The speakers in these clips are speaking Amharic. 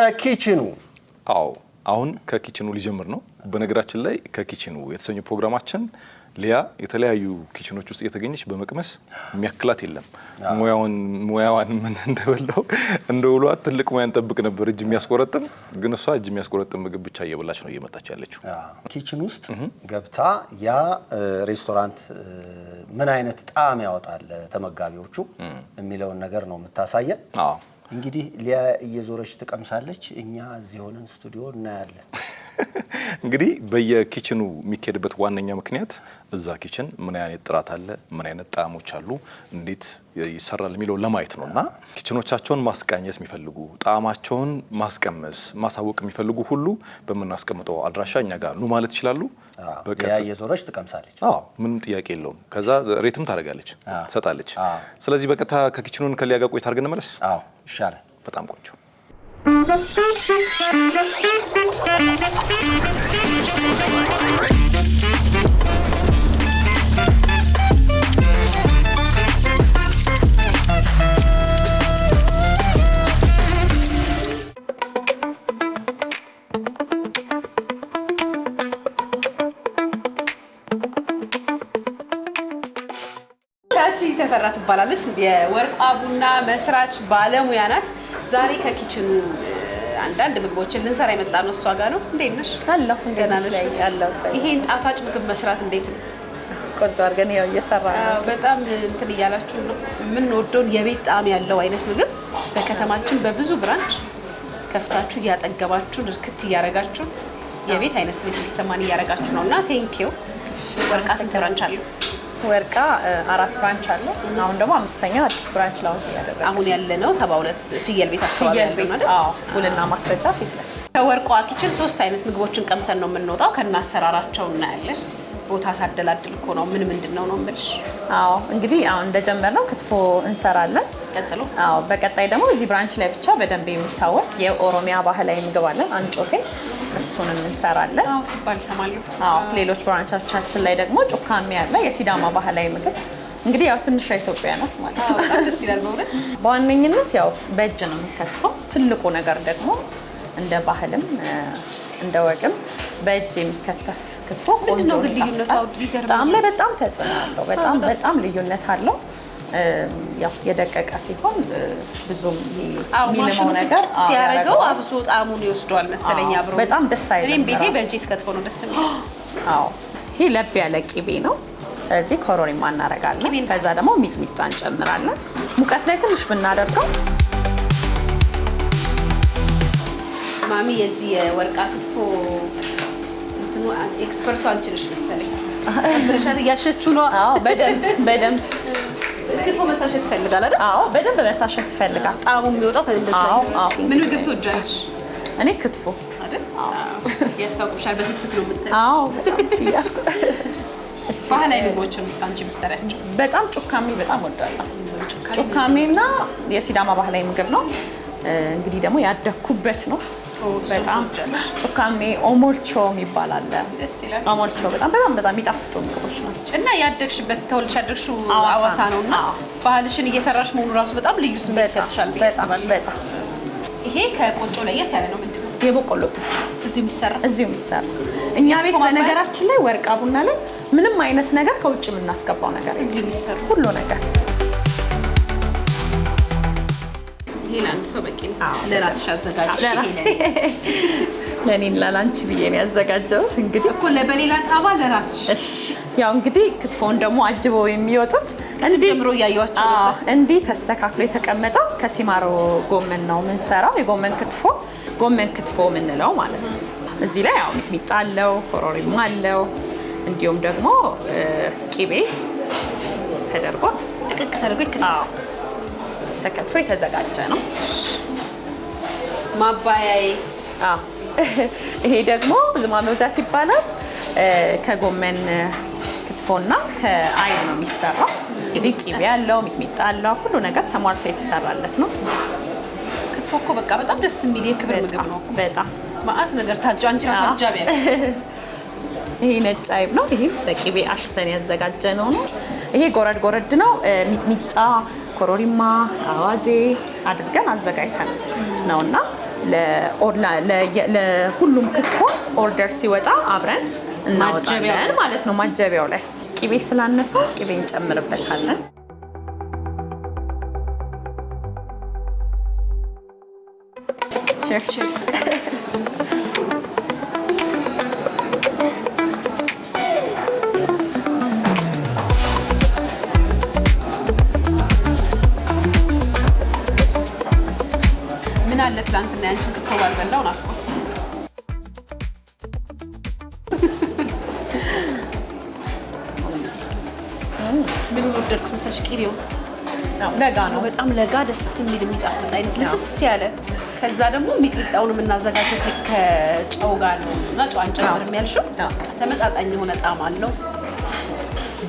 ከኪችኑ አዎ አሁን ከኪችኑ ሊጀምር ነው። በነገራችን ላይ ከኪችኑ የተሰኘው ፕሮግራማችን ሊያ የተለያዩ ኪችኖች ውስጥ እየተገኘች በመቅመስ የሚያክላት የለም። ሙያውን ሙያዋን ምን እንደበላው እንደ ውሏት ትልቅ ሙያን ጠብቅ ነበር እጅ የሚያስቆረጥም ግን እሷ እጅ የሚያስቆረጥም ምግብ ብቻ እየበላች ነው እየመጣች ያለችው። ኪችን ውስጥ ገብታ ያ ሬስቶራንት ምን አይነት ጣዕም ያወጣል ተመጋቢዎቹ የሚለውን ነገር ነው የምታሳየን። እንግዲህ ሊያ እየዞረች ትቀምሳለች፣ እኛ እዚህ ሆነን ስቱዲዮ እናያለን። እንግዲህ በየኪችኑ የሚካሄድበት ዋነኛ ምክንያት እዛ ኪችን ምን አይነት ጥራት አለ፣ ምን አይነት ጣዕሞች አሉ፣ እንዴት ይሰራል የሚለው ለማየት ነው እና ኪችኖቻቸውን ማስቃኘት የሚፈልጉ ጣዕማቸውን ማስቀመስ ማሳወቅ የሚፈልጉ ሁሉ በምናስቀምጠው አድራሻ እኛ ጋር ኑ ማለት ይችላሉ። ያ እየዞረች ትቀምሳለች። ምንም ጥያቄ የለውም። ከዛ ሬትም ታደርጋለች፣ ትሰጣለች። ስለዚህ በቀጥታ ከኪችኑን ከሊያ ጋር ቆይታ አድርገን መለስ ይሻላል። በጣም ቆንጆ ትባላለች። የወርቋ ቡና መስራች ባለሙያ ናት። ዛሬ ከኪችኑ አንዳንድ ምግቦችን ልንሰራ የመጣ ነው። እሷ ጋር ነው። እንዴት ነሽ? አለሁ። ይሄን ጣፋጭ ምግብ መስራት እንዴት ነው? ቆንጆ አድርገን ያው እየሰራ ነው። በጣም እንትን እያላችሁ ነው። የምንወደውን የቤት ጣዕም ያለው አይነት ምግብ በከተማችን በብዙ ብራንች ከፍታችሁ እያጠገባችሁ እርክት እያረጋችሁ የቤት አይነት ስሜት እንዲሰማን እያረጋችሁ ነው እና ቴንኪው ወርቃ ስንት ብራንች አለው? ወርቃ አራት ብራንች አለ። አሁን ደግሞ አምስተኛ አዲስ ብራንች ላውንች እያደረገ አሁን ያለ ነው። ሰባ ሁለት ፍየል ቤት አካባቢ ያለ ነው። ውልና ማስረጃ ፊት ለፊት ከወርቋ ኪችን ሶስት አይነት ምግቦችን ቀምሰን ነው የምንወጣው። ከና አሰራራቸው እናያለን። ቦታ ሳደላድል እኮ ነው ምን ምንድን ነው ነው የምልሽ። አዎ እንግዲህ አሁን እንደጀመርነው ክትፎ እንሰራለን። ቀጥሎ አዎ በቀጣይ ደግሞ እዚህ ብራንች ላይ ብቻ በደንብ የሚታወቅ የኦሮሚያ ባህላዊ ምግብ አለን አንጮቴ እሱንም እንሰራለን ሲባል ይሰማሉ። ሌሎች ብራንቻቻችን ላይ ደግሞ ጩካሜ ያለ የሲዳማ ባህላዊ ምግብ እንግዲህ ያው ትንሿ ኢትዮጵያ ናት ማለት ነው። በዋነኝነት ያው በእጅ ነው የሚከትፈው። ትልቁ ነገር ደግሞ እንደ ባህልም እንደ ወግም በእጅ የሚከተፍ ክትፎ ቆንጆ ነው። ልዩነት በጣም ተጽዕኖ አለው። በጣም በጣም ልዩነት አለው። የደቀቀ ሲሆን ብዙም የሚልመው ነገር ሲያደርገው አብዙ ጣዕሙን መሰለኝ። አብሮ በጣም ደስ አይልም። እኔም ቤቴ ነው ደስ የሚለው። ለብ ያለ ቂቤ ነው። እዚህ ኮሮሪማ እናደርጋለን። ከዛ ደግሞ ሚጥሚጣ እንጨምራለን። ሙቀት ላይ ትንሽ ብናደርገው ማሚ የዚህ የወርቃ ክትፎ ኤክስፐርቱ መሰለኝ። ብረሻት እያሸችው ነው። በደንብ በደንብ ክትፎ መታሸት ይፈልጋል አይደል? አዎ፣ በደንብ መታሸት ይፈልጋል። ጣሙ የሚወጣው ከዚህ አዎ፣ አዎ። ምን ምግብ ትወጃለሽ? እኔ ክትፎ አይደል? ያስታውቅሻል። በስስት ነው የምታይ። አዎ። እሺ፣ ባህላዊ ምግቦችን ውስጥ አንቺ ብትሰሪያቸው? በጣም ጩካሜ በጣም ወዳለሁ። ጩካሜና የሲዳማ ባህላዊ ምግብ ነው። እንግዲህ ደግሞ ያደኩበት ነው በጣም ጩካሜ ኦሞርቾ የሚባል አለ። ኦሞርቾ በጣም በጣም በጣም የሚጣፍጡ ምግቦች ናቸው። እና ያደግሽበት ተወልሽ ያደግሽው አዋሳ ነው እና ባህልሽን እየሰራሽ መሆኑ ራሱ በጣም ልዩ ስሜት ይሰጥሻል። በጣም ይሄ ከቆጮ ለየት ያለ ነው። ምንድን ነው የበቆሎ እዚሁ የሚሰራ እዚሁ የሚሰራ እኛ ቤት በነገራችን ላይ ወርቃ ቡና ላይ ምንም አይነት ነገር ከውጭ የምናስገባው ነገር ሁሉ ነገር ሌላ አንድ ብዬ ነው ያዘጋጀሁት። እንግዲህ እኮ ለበሌላ ጣባ ለራስሽ። ያው እንግዲህ ክትፎውን ደግሞ አጅበው የሚወጡት እንዲህ ተስተካክሎ የተቀመጠው ከሲማሮ ጎመን ነው የምንሰራው። የጎመን ክትፎ ጎመን ክትፎ የምንለው ማለት ነው። እዚህ ላይ ያው ሚጥሚጣ አለው፣ ኮረሪማ አለው፣ እንዲሁም ደግሞ ቂቤ ተደርጎ ጥቅቅ ተደርጎ ተከትፎ የተዘጋጀ ነው። ማባያይ ይሄ ደግሞ ዝማ መውጃት ይባላል። ከጎመን ክትፎና ከአይብ ነው የሚሰራው። እንግዲህ ቂቤ ያለው ሚጥሚጣ ያለው ሁሉ ነገር ተሟልቶ የተሰራለት ነው። ክትፎ እኮ በቃ በጣም ደስ የሚል የክብር ምግብ ነው። በጣም ማአት ነገር ታጆ አንቺ አጃቢ ይሄ ነጭ አይብ ነው። ይህም በቂቤ አሽተን ያዘጋጀ ነው ነው። ይሄ ጎረድ ጎረድ ነው። ሚጥሚጣ ኮሮሪማ፣ አዋዜ አድርገን አዘጋጅተን ነው እና ለሁሉም ክትፎ ኦርደር ሲወጣ አብረን እናወጣለን ማለት ነው። ማጀቢያው ላይ ቅቤ ስላነሰው ቅቤ እንጨምርበታለን። ቸርችስ ትላንትና ያንቺን ክትፎ ባልበላው ናፍቆ ምኑን ወደድኩት መሰለሽ? ቅቤው ለጋ ነው በጣም ለጋ፣ ደስ የሚል የሚጣፍጥ አይነት ልስስ ያለ። ከዛ ደግሞ ሚጥሚጣውን የምናዘጋጀው ከጨው ጋር ነው እና ጨዋን አንጨምርም ያልሽው ተመጣጣኝ የሆነ ጣዕም አለው።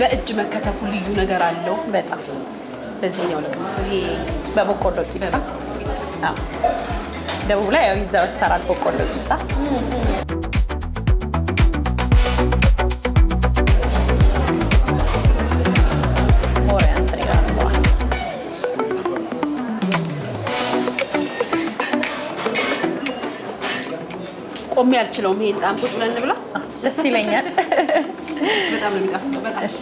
በእጅ መከተፉ ልዩ ነገር አለው በጣም በዚህኛው ልክ ይሄ በበቆሎ ቂጣ ደቡብ ላይ ያው ይዘወተራል በቆሎ ቂጣ። ቆሜ አልችለውም። ይሄን ጣም ቁጭ ብለን እንብላ። ደስ ይለኛል። በጣም ነው የሚጣፍጠው። በጣም እሺ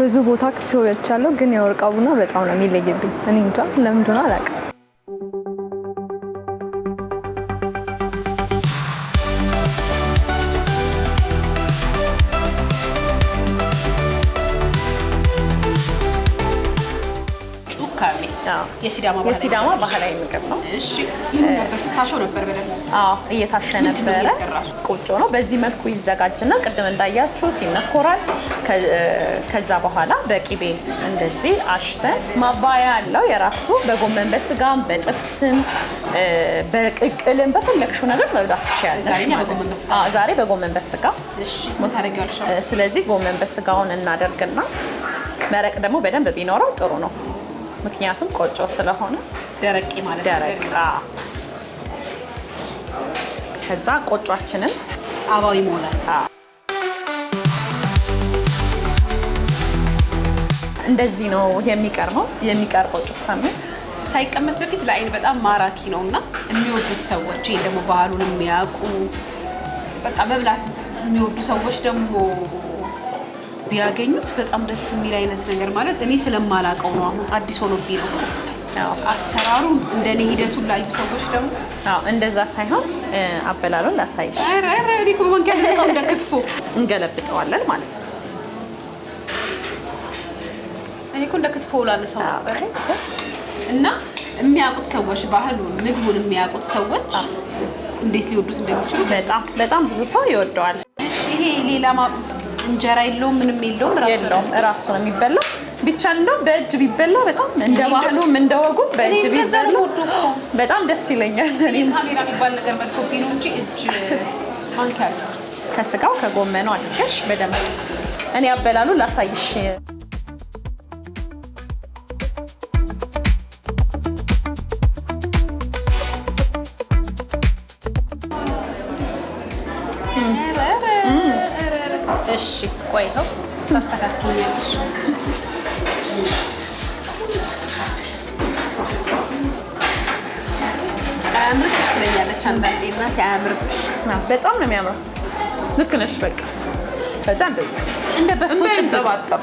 ብዙ ቦታ ክትፎ በልቻለሁ፣ ግን የወርቃ ቡና በጣም ነው የሚለይብኝ። እኔ እንጃ ለምን እንደሆነ አላውቅም። የሲዳማ ባህላዊ ምግብ ነው። እየታሸ ነበረ። ቆጮ ነው በዚህ መልኩ ይዘጋጅና ቅድም እንዳያችሁት ይነኮራል። ከዛ በኋላ በቂቤ እንደዚህ አሽተን ማባያ ያለው የራሱ በጎመን በስጋም በጥብስም በቅቅልም በፈለግሽው ነገር መብላት ትችያለሽ። ዛሬ በጎመን በስጋ ስለዚህ ጎመን በስጋውን እናደርግና መረቅ ደግሞ በደንብ ቢኖረው ጥሩ ነው። ምክንያቱም ቆጮ ስለሆነ ደረቅ ማለት ደረቅ። ከዛ ቆጯችንን አባዊ ሞላል እንደዚህ ነው የሚቀርበው የሚቀርበው ጩፋሜ ሳይቀመስ በፊት ለአይን በጣም ማራኪ ነው እና የሚወዱት ሰዎች ይህ ደግሞ ባህሉን የሚያውቁ በቃ መብላት የሚወዱ ሰዎች ደግሞ ቢያገኙት በጣም ደስ የሚል አይነት ነገር ማለት እኔ ስለማላውቀው ነው። አሁን አዲስ ሆኖብኝ ነው አሰራሩ። እንደ እንደኔ ሂደቱን ላዩ ሰዎች ደግሞ እንደዛ ሳይሆን አበላሉን ላሳይ እኔ እኮ በማንኪያ ክትፎ እንገለብጠዋለን ማለት ነው። እኔ እኮ እንደ ክትፎ ላለ ሰው ነበር እና የሚያውቁት ሰዎች ባህሉን ምግቡን የሚያውቁት ሰዎች እንዴት ሊወዱት እንደሚችሉ በጣም በጣም ብዙ ሰው ይወደዋል። ይሄ ሌላ እንጀራ የለውም ምንም የለውም የለውም፣ እራሱ ነው የሚበላው። ብቻ እንደው በእጅ ቢበላ በጣም እንደ ባህሉም እንደ ወጉ በእጅ ቢበላ በጣም ደስ ይለኛል። ካሜራ የሚባል ነገር መጥቶብኝ ነው እንጂ እጅ ማንኪያ ከስጋው ከጎመኑ አድርገሽ በደንብ እኔ አበላሉ ላሳይሽ። እሺ፣ ቆይ ይኸው ታስተካክልኛለሽ። አያምርም ትለኛለች አንዳንዴ እናቴ። አያምርም በጣም ነው የሚያምረው። ልክ ነሽ። በቃ ከዛ እንደ በሶ ጭንጠባጠብ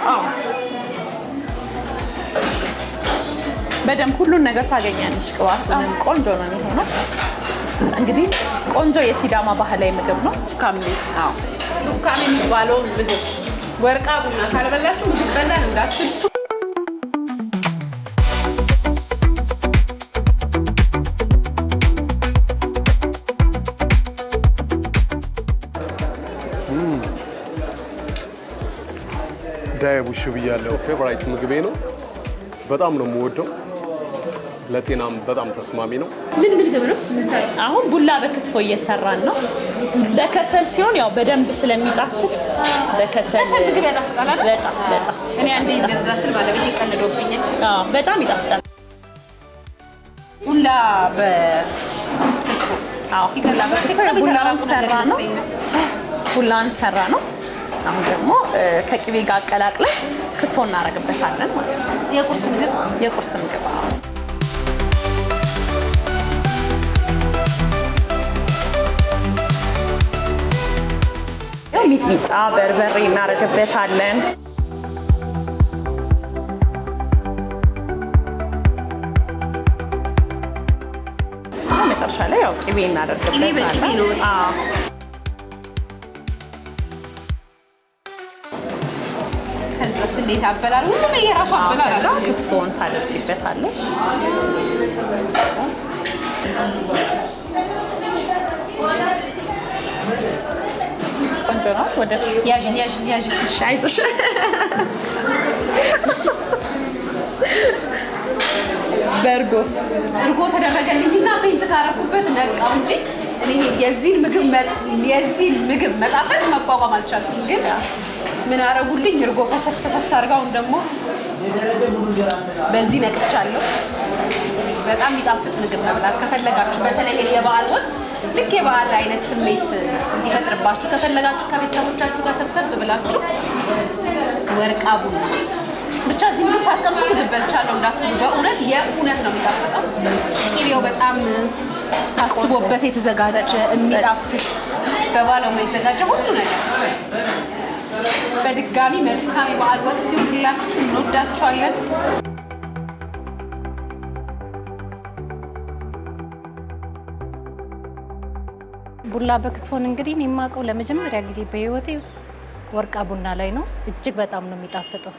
በደንብ ሁሉን ነገር ታገኛለች። ቅባት ቆንጆ ነው የሚሆነው። እንግዲህ ቆንጆ የሲዳማ ባህላዊ ምግብ ነው። ሹካም የሚባለውን ምግብ ወርቃ ቡና ካልበላችሁ ምግብ በላን እንዳትል። ዳይቡሽ ብያለው። ፌቨራይት ምግቤ ነው። በጣም ነው የምወደው። ለጤናም በጣም ተስማሚ ነው። ምን ምግብ ነው? አሁን ቡላ በክትፎ እየሰራን ነው። በከሰል ሲሆን ያው በደንብ ስለሚጣፍጥ በከሰል ምግብ ያጣፍጣል። በጣም በጣም እኔ አንዴ እንደዛ ስል ባለቤት ይቀልዶብኛል። አዎ በጣም ይጣፍጣል። ሁላ በ አዎ ሁላን ሰራ ነው። ሁላን ሰራ ነው። አሁን ደግሞ ከቅቤ ጋር አቀላቅለን ክትፎ እናደርግበታለን ማለት ነው። የቁርስ ምግብ የቁርስ ምግብ አዎ ሚጥሚጣ በርበሬ እናደርግበታለን። መጨረሻ ላይ ያው ቅቤ እናደርግበታለን። እንዴት አበላል? ሁሉም የራሱ አበላል። ከዛ ታደርግበታለሽ። ቆንጆ ነው። ወደ አይዞሽ። በእርጎ እርጎ ተደረገልኝና ፌንት ካረኩበት ነቃው እንጂ የዚህን ምግብ መጣፈጥ መቋቋም አልቻልኩም። ግን ምን አረጉልኝ? እርጎ ፈሰስ ፈሰስ ደግሞ በዚህ ነቅቻለሁ። በጣም የሚጣፍጥ ምግብ መብላት ከፈለጋችሁ በተለይ የበዓል ወቅት ልክ የበዓል አይነት ስሜት እንዲፈጥርባችሁ ከፈለጋችሁ ከቤተሰቦቻችሁ ጋር ሰብሰብ ብላችሁ ወርቃ ቡና ብቻ እዚህ ምግብ ሳትቀምሱ ምግብ በልቻለሁ እንዳትሉ፣ በእውነት የእውነት ነው የሚጣፍጠው። ቅቤው በጣም ታስቦበት የተዘጋጀ የሚጣፍጥ በባለሙያ የተዘጋጀ ሁሉ ነገር። በድጋሚ መልካም የበዓል ወቅት ይሁንላችሁ። እንወዳችኋለን። ቡላ በክትፎን እንግዲህ እኔ የማውቀው ለመጀመሪያ ጊዜ በህይወቴ ወርቃ ቡና ላይ ነው። እጅግ በጣም ነው የሚጣፍጠው።